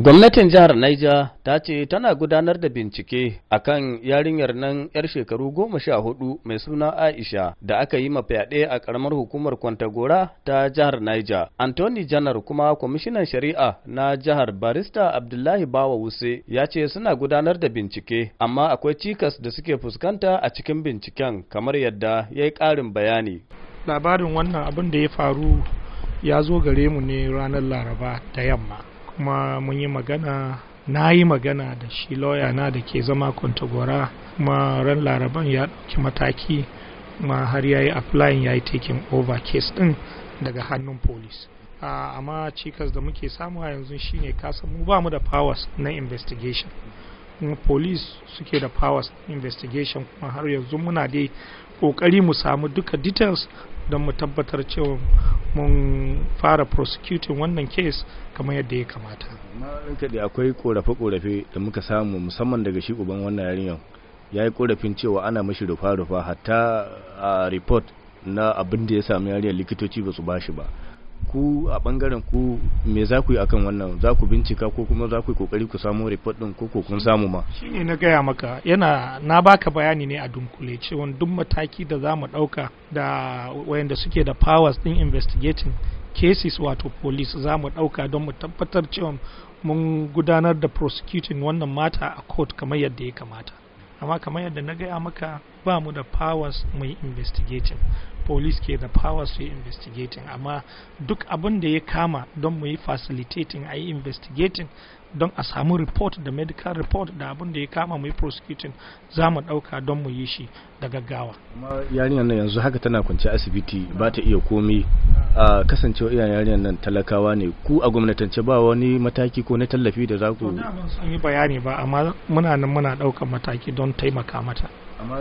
Gwamnatin jihar Niger ta ce tana gudanar da bincike a kan yarinyar nan 'yar shekaru goma sha hudu mai suna Aisha da aka yi fyaɗe a ƙaramar hukumar Kwantagora ta jihar Niger. Anthony Janar kuma kwamishinan shari'a na jihar Barista Abdullahi Bawa Wuse ya ce suna gudanar da bincike amma akwai cikas da suke fuskanta a cikin binciken kamar yadda ya yi ƙarin bayani. Labarin wannan abin da ya faru ya zo gare mu ne ranar Laraba ta yamma. kuma mun yi magana na yi magana da shi lauya na da ke zama kontagora kuma ran laraban ya ɗauki mataki kuma har ya yi applying ya yi taking over case ɗin daga hannun police amma cikas da muke samu a yanzu shine kasa mu ba mu da powers na investigation kuma police suke da powers investigation kuma har yanzu muna dai kokari mu samu duka details don mu tabbatar cewa mun fara prosecuting wannan case kamar yadda ya kamata da akwai korafe-korafe da muka samu musamman daga shi uban wannan yarinyar ya yi korafin cewa ana mashi rufa-rufa hatta a report na abin da ya sami yarinyar likitoci ba su ba ba ku a bangaren ku me za ku yi akan wannan za ku bincika ko kuma za ku yi kokari ku samu report din ko kun samu ma shi ne na gaya maka yana na baka bayani ne a dunkule cewa duk mataki da za mu dauka da wayanda suke da powers ɗin investigating cases wato police za mu dauka don mu tabbatar cewa mun gudanar da prosecuting wannan mata a court kamar yadda ya kamata amma kamar yadda na gaya maka ba mu da powers mu yi investigating police ke da power su yi investigating amma duk abin da ya kama don mu yi facilitating a yi investigating don a samu report da medical report da abin da ya kama mu yi prosecuting za mu ɗauka don mu yi shi da gaggawa. yarinyar nan yanzu haka tana kwanci asibiti ba ta iya komi a kasancewa iya yarinyar nan talakawa ne ku a gwamnatance ba wani mataki ko na tallafi da za ku. yi bayani ba amma muna nan muna ɗaukar mataki don taimaka mata. amma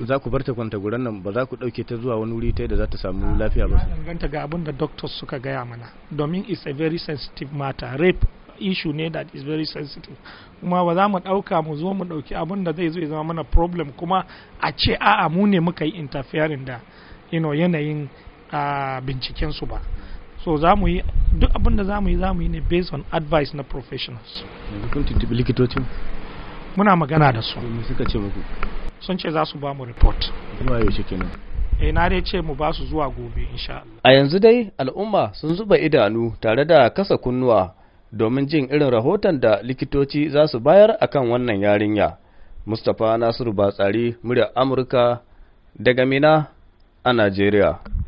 za ku bar ta kwanta guran nan ba za ku dauke ta zuwa wani wuri ta da za ta samu lafiya ba danganta ga abin da doctors suka gaya mana domin it's a very sensitive matter rape issue ne that is very sensitive kuma ba za mu dauka mu zo mu dauki abin da zai zo ya zama mana problem kuma a ce a'a mu ne muka yi interfering da yanayin uh, binciken su ba so za mu yi duk abin da za mu yi za mu yi ne based on advice na professionals yanzu muna magana da su suka ce muku sun ce za su ba mu report zuwa shi kenan eh na dai ce mu ba su zuwa gobe insha Allah a yanzu dai al'umma sun zuba idanu tare da kasa kunnuwa domin jin irin rahoton da likitoci za su bayar akan wannan yarinya Mustapha Nasiru Batsari murya Amurka daga Mina a Najeriya